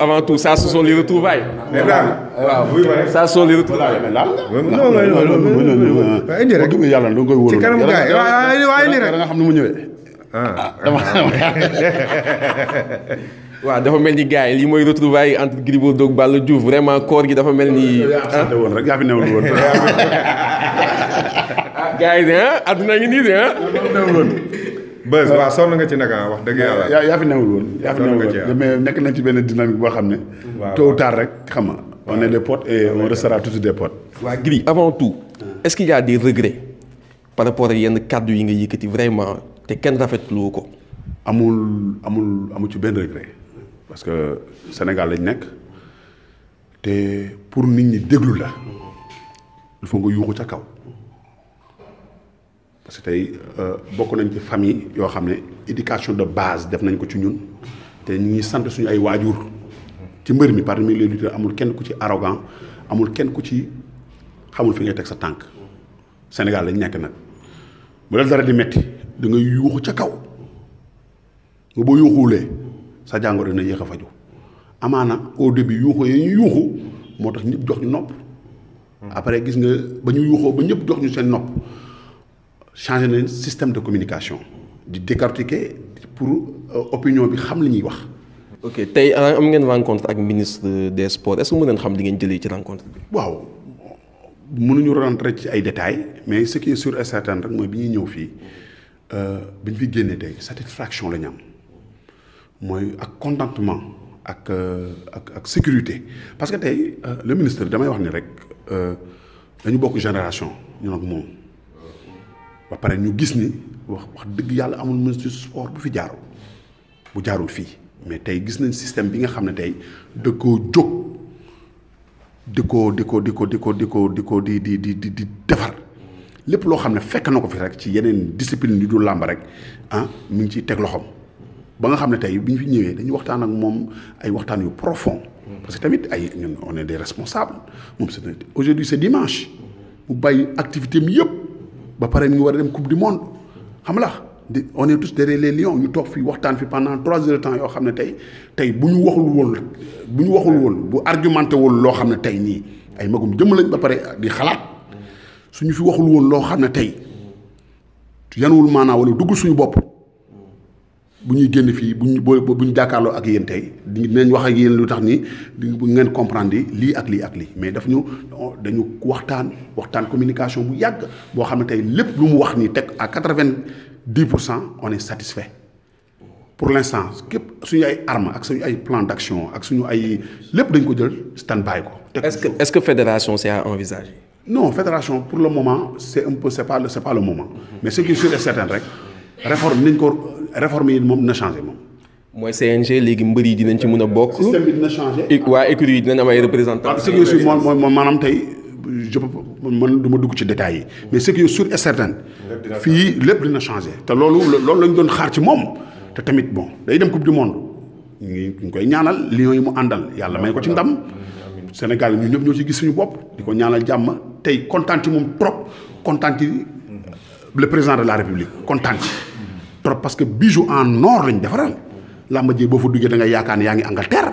avant tout ça ce sont les waaw ça ce sont les retrouvailles. ci kanam ne yi waaye waaye da nga ne waaw dafa mel ni gars yi lii mooy retrouvailles entre Gris Bordeaux ak Balla Diouf vraiment koor gi dafa mel ni. yaa ah. fi newul woon ah, gars yi de ah adduna ngi nii de ah. bës euh, waaw sonn nga ci nag ah, wax dëgg yàlla. yaa fi newul woon yaa fi newul woon ah. mais nekk nañ ci benn dynamique boo xam ne. tôt ou tard rek xam nga on est des potes et on restera toujours des potes. waa Gris avant tout ah. est-ce qu'il y a des regrets par rapport ak yenn kàddu yi nga yëkkati vraiment te kenn rafetlu ko. amul amul amul ci benn regret parce que Sénégal lañ nekk te pour nit ñi déglu la il faut nga yuuxu ca kaw. parce que tey euh, bokk nañ ci famille yoo xam ne éducation de base def nañ ko ci ñun te ñu ngi sant suñu ay waajur ci mbër mi parmi lu lutteurs amul kenn ku ci arrogant amul kenn ku ci xamul fi ngay teg sa tànk Sénégal lañ nekk nag bu la dara di metti dangay yuuxu ca kaw nga boo yuuxuwulee sa jàngoro dina yéex a faju amaana au début yuuxu yi ñu yuuxu moo tax ñëpp jox ñu nopp après gis nga ba ñu yuuxoo ba ñëpp jox ñu seen nopp changé nañ système de communication di décortiquer pour euh, opinion bi xam li ñuy wax. ok tey ah, am ngeen rencontre ak ministre des sports est-ce que mën ngeen xam li ngeen jëlee ci rencontre bi. waaw mënuñu rentrer ci ay détails mais ce qui est sûr et certain rek mooy bi ñuy ñëw fii euh, bi ñu fi génnee tey satisfaction la ñu am mooy ak contentement ak euh, ak ak sécurité parce que tey le ministre damay wax ni rek dañu bokk génération ñu nag moom. ba pare ñu gis ni wax wax dëgg yàlla amul ministre du sport bu fi jaarul bu jaarul fii mais tey gis nañ système bi nga xam ne tey da koo jóg di ko di ko di ko di ko di ko di ko di di di di di defar lépp loo xam ne fekk na ko fi rek ci yeneen discipline yu dul làmb rek ah mu ngi ciy teg loxoom ba nga xam ne tey bi ñu fi ñëwee dañu waxtaan ak moom ay waxtaan yu profond parce que tamit ay ñun on est des responsables moom c'est aujourd'hui c'est dimanche mu bàyyi activité mi yëpp ba pare ñu war a dem coupe du monde xam la di on est tous derrière les lions ñu toog fii waxtaan fi pendant trois heures temps yoo xam ne tey tey bu ñu waxul woon bu ñu waxul woon bu argumenté woon loo xam ne tey nii ay magum jëm lañ ba pare di xalaat suñu fi waxul woon loo xam ne tey yanuwul maanaa wala dugg suñu bopp. bu ñuy génn fii bu ñu boo bu ñu jàkkaarloo ak yéen tey dinañ wax a yéen lu tax ni bu ngeen comprendre lii ak lii ak lii mais daf ñu dañu waxtaan waxtaan communication bu yàgg boo xam ne tey lépp lu mu wax ni teg à quatre-vingt-dix pour cent on est satisfait pour l'instant képp suñu ay armes ak suñu ay plan d'action ak suñu ay lépp dañ ko jël stand-by ko. est-ce que est-ce que fédération c'est à envisager. non fédération pour le moment c'est un peu c'est pas le c'est pas le moment. Mm-hmm. mais ce qui est sûr et certain rek. réforme nañ ko yi moom dina changé moom. mooy CNG léegi mbër yi dinañ ci mun a bokk. système bi changé. waa écurie yi dinañ am ay représentants. ce qui est moom mooy maanaam tey je man ma dugg ci détails yi. mais ce qui fii lépp dina changé. te loolu loolu lañ doon xaar ci moom. te tamit bon day dem coupe du monde ñu ngi koy ñaanal lions yi mu àndal yàlla may ko ci ndam. Sénégal ñu ñëpp ñoo ci gis suñu bopp. di ko ñaanal jàmm tey kontaan ci moom trop kontaan ci le président de la république kontaan trop parce que bijou en or lañ defaral làmba jee boo fa duggee da nga yaakaar ne yaa ngi Angleterre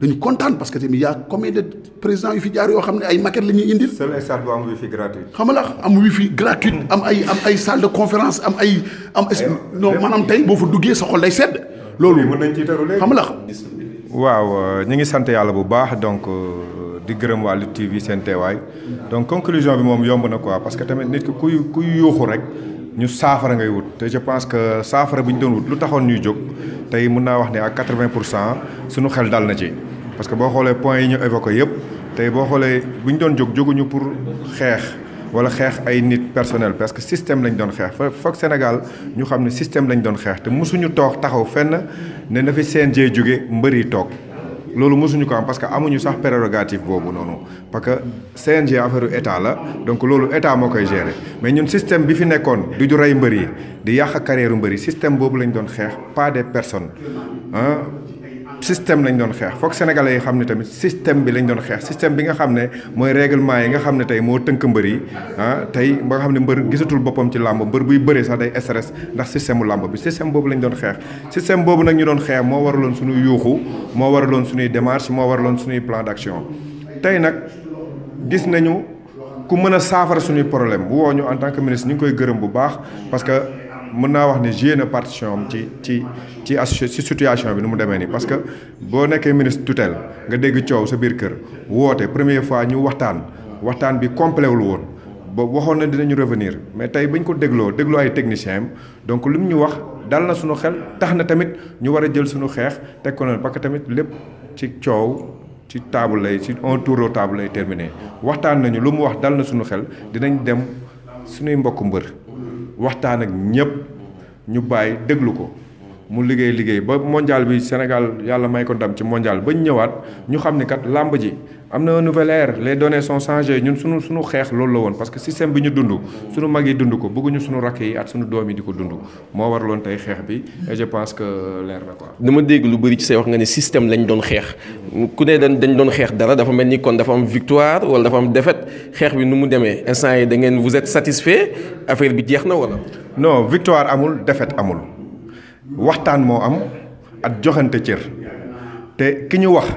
dañu kontaan parce que tamit y' a combien de président yu fi jaar yoo xam ne ay maquette la ñuy indil. seul stade bu am wifi gratuit. xam nga am wifi gratuit am ay am ay salle de conférence am ay. am eh, non maanaam tey boo fa duggee sa xol day sedd. loolu mën nañ ci teru léegi xam nga waaw euh, ñu ngi sant yàlla bu baax donc euh, di gërëm waa Lutte TV seen teewaay donc conclusion bi moom yomb na quoi parce que tamit nit ki kuy kuy yuuxu rek. ñu saafara ngay wut te je pense que saafara bi ñu doon wut lu taxoon ñuy jóg tey mun naa wax ne ak 80 pour cent suñu xel dal na ci parce que boo xoolee points yi ñu évoqué yëpp tey boo xoolee bu ñu doon jóg jóguñu pour xeex wala xeex ay nit personnel parce que système lañ doon xeex fa foog Sénégal ñu xam ne système lañ doon xeex te mosuñu toog taxaw fenn ne na fi seen CNG jóge mbëri toog loolu mosuñu ko am parce que amuñu sax prérogative boobu noonu parce que CNG affaire état la donc loolu état moo koy gérer mais ñun système bi fi nekkoon du ju rey mbër yi di yàq carrière mbër yi système boobu lañ doon xeex pas des personne ah système lañu doon xeex foog sénégalais yi xam ne tamit système bi lañ doon xeex système bi nga xam ne mooy règlement yi nga xam ne tey moo tënk mbër yi ah tey ba nga xam ne mbër gisatul boppam ci làmb mbër buy bëree sax day stress ndax système u làmb bi système boobu lañ doon xeex système boobu nag ñu doon xeex moo waraloon suñuy yuuxu moo waraloon suñuy démarche moo waraloon suñuy plan d'action tey nag gis nañu ku mën a saafara suñuy problème bu woo ñu en tant que ministre ñu ngi koy gërëm bu baax mën naa wax ne joué na partition am ci ci ci ci situation bi nu mu demee nii parce que boo nekkee ministre tutelle nga dégg coow sa biir kër woote première fois ñu waxtaan waxtaan bi complet wul woon ba waxoon na dinañu revenir mais tey bañ ko dégloo dégloo ay technicien am donc lim ñu wax dal na suñu xel tax na tamit ñu war a jël suñu xeex teg na noonu parce que tamit lépp ci coow ci table lay ci un tour de table lay terminé waxtaan nañu lu mu wax dal na suñu xel dinañ dem suñuy mbokk mbër waxtaan ak ñëpp ñu bàyyi déglu ko. mu liggéey liggéey ba mondial bi Sénégal yàlla may ko ndam ci mondial ba ñu ñëwaat ñu xam ni kat làmb ji am na nouvelle ère les données sont changées ñun suñu suñu xeex loolu la woon parce que système bi ñu dund suñu mag yi dund ko bëgguñu suñu rakk yi at suñu doom yi di ko dund moo war loon tey xeex bi et je pense que leer na ko dama dégg lu bëri ci say wax nga ne système lañ doon xeex ku ne dañ dañ doon xeex dara dafa mel ni kon dafa am victoire wala dafa am défaite xeex bi nu mu demee instant yi da ngeen vous êtes satisfait affaire bi jeex na wala non victoire amul défaite amul waxtaan moo am at joxante cër te ki ñu wax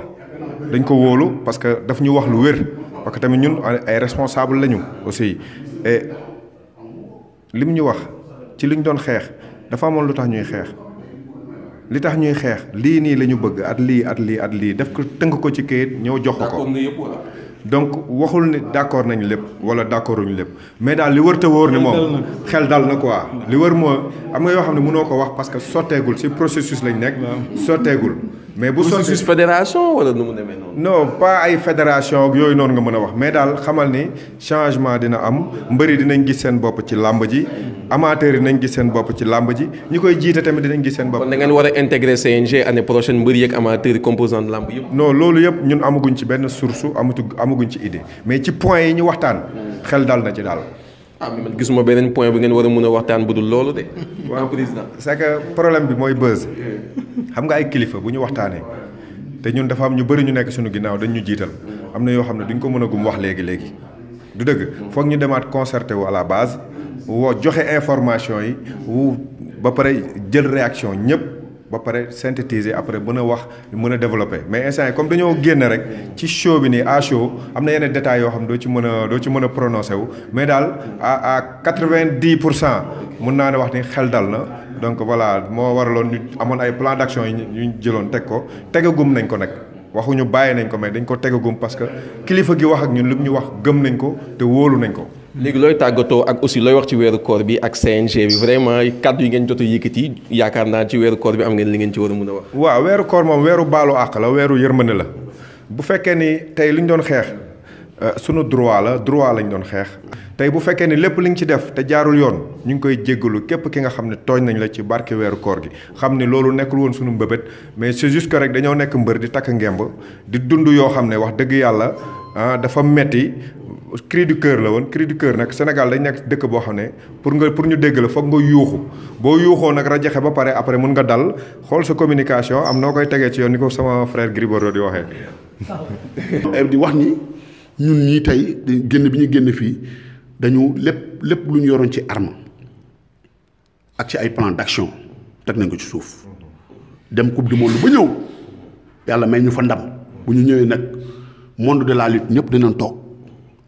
dañ ko wóolu parce que daf ñu wax lu wér parce que tamit ñun ay responsable lañu aussi et lim ñu wax ci liñ doon xeex dafa amoon lu tax ñuy xeex li tax ñuy xeex lii nii la ñu bëgg at lii at lii at lii def ko tënk ko ci kayit ñëw jox ko. donc waxul ni d'accord nañ lépp wala d'accorduñ lépp mais daal li wër te wóor ni moom xel dal na quoi li wër moo am nga yoo xam ne mënoo ko wax parce que sotteegul ci processus lañ nekk sotteegul mais bu sottee fédération wala nu mu demee noonu. non pas ay fédération yooyu noonu nga mën a wax mais daal xamal ni changement dina am mbëri dinañ gis seen bopp ci làmb ji. amateurs yi dinañ gis seen bopp ci làmb ji ñi koy jiite tamit dinañ gis seen bopp. kon da ngeen war a intégrer CNG année prochaine mbëri yeeg amateurs yi composante làmb yëpp. no loolu yëpp ñun amaguñ ci benn source amatu amaguñ ci idée mais ci point yi ñu waxtaan. Hmm. xel dal na ci daal. ah man gisuma beneen point bi ngeen war a mën a waxtaan bu dul loolu de. waaw président c'est que problème bi mooy buzz xam nga ay kilifa bu ñu waxtaanee te ñun dafa am ñu bëri ñu nekk suñu ginnaaw dañu ñu jiital am na yoo xam ne duñ ko mën a gum wax léegi léegi. du dëgg foog ñu demaat concerté wu à la woo joxe information yi wu ba pare jël réaction ñëpp. ba pare synthétiser après mën a wax mën a développer mais instant comme dañoo génne rek ci show bi nii à show am na yenn détails yoo xam doo ci mën a doo ci mën a prononcé wu mais daal à à quatre pour cent mën naa ne wax ni xel dal na donc voilà moo waraloon ñu amoon ay plan d'action yu ñu jëloon teg ko tegagum nañ ko nag waxuñu bàyyi nañ ko mais dañ ko tegagum parce que kilifa gi wax ak ñun lu ñu wax gëm nañ ko te wóolu nañ ko. léegi looy tàggatoo ak aussi looy wax ci weeru koor bi ak CNG bi vraiment kàddu yi ngeen jot a yëkkati yaakaar naa ci weeru koor bi am ngeen li ngeen ci war a mun a wax. waaw weeru koor moom weeru baalu àq la weeru yërmande la bu fekkee ni tey li ñu doon xeex euh, sunu droit la droit lañ doon xeex. tey bu fekkee ni lépp li nga ci def te jaarul yoon ñu ngi koy jéggalu képp ki nga xam ne tooñ nañ la ci barke weeru koor gi xam ne loolu nekkul woon sunu mbëbët mais c'est juste rek dañoo nekk mbër di takk di dund yoo xam ne wax dëgg yàlla ah, dafa metti cri du cœur la woon cri du cœur nag Sénégal dañ nekk dëkk boo xam ne pour nga pour ñu dégg la foog nga yuuxu boo yuuxoo nag rajaxe ba pare après mun nga dal xool sa communication am noo koy tegee ci yoon ni ko sama frère Gris Bordeaux di waxee. di wax ni ñun ñii tey génn bi ñu génn fii dañu lépp lépp lu ñu yoroon ci arme ak ci ay plan d'action teg nañ ko ci suuf dem coupe du monde ba ñëw yàlla may ñu fa ndam bu ñu ñëwee nag monde de la lutte ñëpp dinañ toog.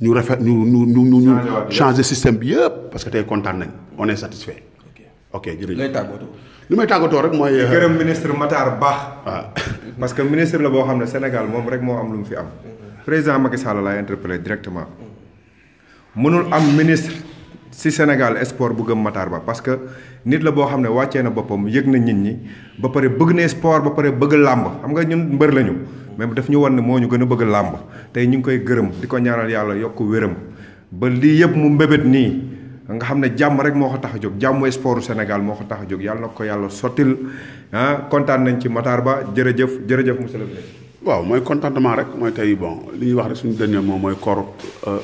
ñu rafet ñu ñu ñu ñu. changer système bi yëpp. parce que tey kontaan nañ on est satisfait. ok jërëjëf lay tàggatoo. li may tàggatoo rek mooy. Euh, gërëm ministre Matar Ba. waaw parce que ministre la boo xam ne Sénégal moom rek moo am lu mu fi am. président Macky Sall laay interpellé directement. mënul am ministre si Sénégal sport bu gëm Matar Ba parce que nit la boo xam ne wàccee na boppam yëg na nit ñi ba pare bëgg na sport ba pare bëgg làmb xam nga ñun mbër lañu. mais daf ñu wan ne moo ñu gën a bëgg làmb tey ñu ngi koy gërëm di ko ñaanal yàlla yokk wéram ba lii yëpp mu mbébét nii nga xam ne jàmm rek moo ko tax a jóg jàmm sportu Sénégal moo ko tax a jóg yàlla na ko yàlla sottil ah kontaan nañ ci Matar Ba jërëjëf jërëjëf monsieur le président. waaw mooy rek mooy tey bon li ñuy wax rek suñu dernier moom mooy koor euh,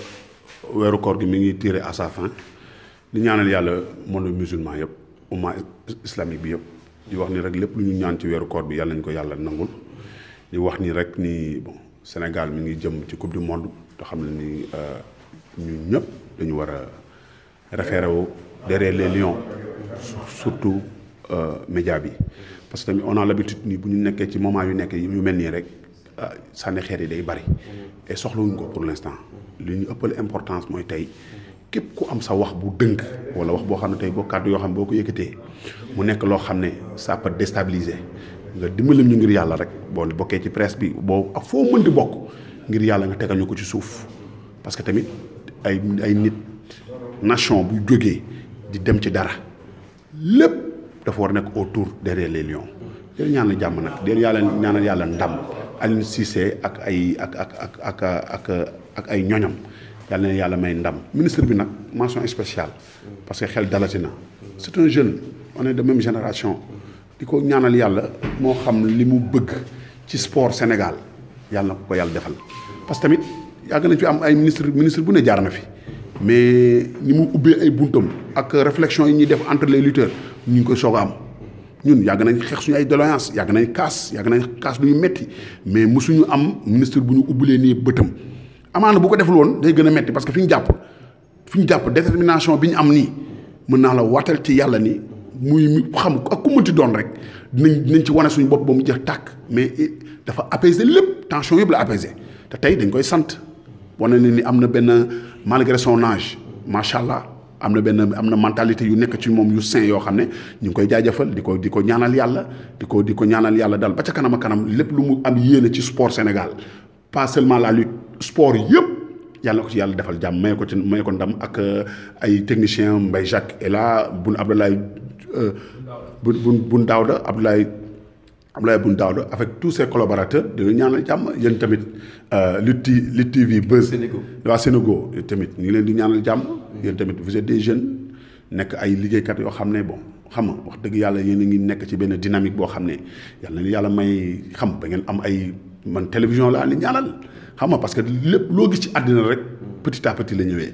weeru koor gi mi ngi tiré à sa fin di ñaanal yàlla monde musulman yëpp umma islamique bi yëpp di wax ni rek lépp lu ñu ñaan ci weeru koor bi yàlla nañ ko yàlla nangul. di wax nii rek nii bon Sénégal mi ngi jëm ci coupe du monde te xam ne nii euh, ñun ñëpp dañu war a référé wu derrière les lions surtout euh, média bi parce que tamit on la l'habitude nii bu ñu nekkee ci moment yu nekk yu mel nii rek euh, sànni xeer yi day bari et soxlawuñ ko pour l'instant li ñu ëppal importance mooy tey képp ku am sa wax bu dënk walla wax boo xam ne tey boo kàddu yoo xam ne boo ko yëkkatee mu nekk loo xam ne ça peut nga dimbalim ñu ngir yàlla rek boo bokkee ci presse bi boo ak foo mënti bokk ngir yàlla nga tegal ñu ko ci suuf parce que tamit ay ay nit nation bu jógee di dem ci dara lépp dafa war nekk autour derrière les lions déen ñaanal jàmm nag déen yàlla ñaanal yàlla ndam Aliou Cissé ak ay ak ak ak ak ak ak ay ñoñam yàlla na yàlla may ndam ministre bi nag mention spéciale parce que xel dalati na c'est un jeune on est de même génération di ko ñaanal yàlla moo xam li mu bëgg ci sport Sénégal yàlla na ko ko yàlla defal parce que tamit yàgg nañ fi am ay ministre ministre bu ne jaar na fi mais ni mu ubbee ay buntam ak réflexion yi ñuy def entre les lutteurs ñu ngi koy soog a am ñun yàgg nañ xeex suñu ay doléance yàgg nañ kaas yàgg nañ kaas lu ñu metti mais mosuñu am ministre bu ñu ubbilee nii bëtam amaana bu ko deful woon day gën a metti parce que fi ñu jàpp fi ñu jàpp détermination bi ñu am nii mën naa la waatal ci yàlla ni muy xam ak ku mënti doon rek dinañ dinañ ci wane suñu bopp ba mu jeex tàkk mais eh, dafa apaiser lépp tension yëpp la apaiser te tey dañ koy sant wane ne ni am na benn malgré son âge macha allah am na benn am na mentalité yu nekk ci moom yu sain yoo xam ne ñu ngi koy jaajëfal di ko di ko ñaanal yàlla di ko di ko ñaanal yàlla daal ba ca kanam kanam lépp lu mu am yéene ci sport Sénégal pas seulement la lutte sport yëpp. yàlla ko ci yàlla defal jàmm may ko ci may ko ndam ak euh, ay technicien Mbaye Jacques et la bu là Boun bu euh, Boun da Daouda Abdoulaye Abdoulaye Boun Daouda avec tous ses collaborateurs dañu ñaanal jàmm yéen tamit euh, Lutte Lutte TV Buzz waa Sénégo tamit ñu ngi leen di ñaanal jàmm yéen tamit vous des jeunes nekk ay liggéeykat yoo xam ne bon xam nga wax dëgg yàlla yéen a ngi nekk ci benn dynamique boo xam ne yàlla yàlla may xam ba ngeen am ay man télévision laa ni ñaanal xam nga parce que lépp loo gis ci àddina rek petit à petit la ñëwee.